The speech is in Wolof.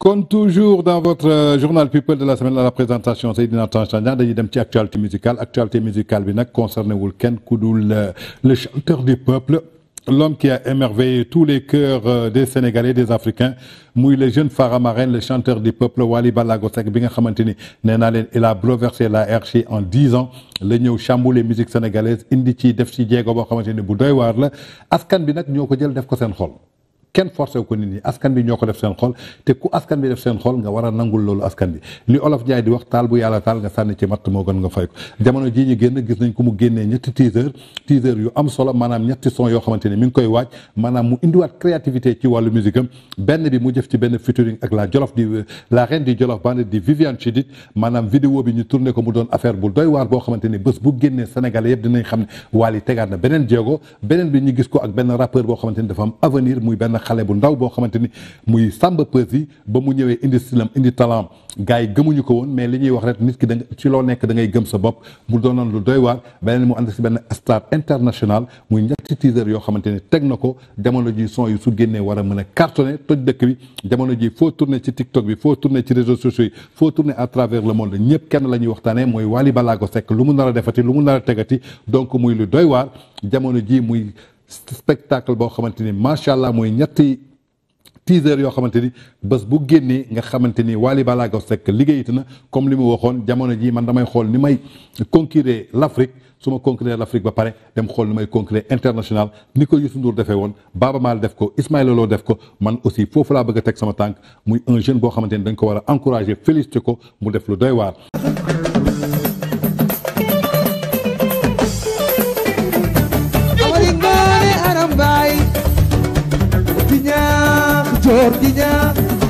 Comme toujours dans votre euh, journal people de la semaine la présentation c'est Tange dañuy dem ci actualité musicale actualité musicale bi concerné euh, le chanteur du peuple l'homme qui a émerveillé tous les cœurs euh, des Sénégalais des Africains Moui, le jeune Faramareen le chanteur du peuple Wali Ballago bi nga il a bouleversé la hiérarchie en dix ans le ñëw chamboulé musique sénégalaise indi ci def ci jéego boo xamante bu doy askan bi nag ñoo jël kenn forcé ko nit ñi askan bi ñoo ko def seen xol te ku askan bi def seen xol nga war a nangul loolu askan bi li olof Njaay di wax taal bu yàlla taal nga sànni ci matt moo gën nga fay ko jamono jii ñu génn gis nañ ko mu génnee ñetti teaser teaser yu am solo maanaam ñetti son yoo xamante ni mi ngi koy waaj maanaam mu indiwaat créativité ci wàllu musique benn bi mu jëf ci benn featuring ak la Jolof di la reine di Jolof bande di Viviane Chidid maanaam vidéo bi ñu tourné ko m doon affaire bu doy waar boo xamante ni bés bu génnee Sénégalais yëpp dinañ xam ne bi ñu gis ko ak benn rappeur boo xamante ni dafa am avenir xale bu ndaw bo xamanteni muy Samba Peuzzi ba mu ñëwé indi silam indi talent gaay gëmuñu ko won mais li ñuy wax rek nit ki da ci lo nekk da ngay gëm sa bop bu do non lu doy waar benen mu and ci benn star international muy ñetti teaser yo xamanteni ni teg na ji son yu su génné wara mëna cartonné toj dëkk bi demono ji fo tourner ci TikTok bi fo tourner ci réseaux sociaux yi fo tourner à travers le monde ñëpp kenn lañuy waxtané moy wali balago Ballago lu mu nara defati lu mu nara tégati donc muy lu doy waar jamono ji muy spectacle boo xamante ni macha allah mooy ñetti teaser yo xamanteni bés bu génnee nga xamanteni Wali Wally Ballago Seck comme li mu jamono ji man damay xol ni may conquérir l'Afrique suma conquérir l'Afrique ba pare dem xol ni may conquérir international ni ko Youssou Ndour defee won Baba Mal def ko Ismaïla Lô def ko man aussi fofu la bëgg tek sama tànk muy un jeune bo xamanteni dañ ko wara encourager féliciter ko mu def lu doy war cotidiano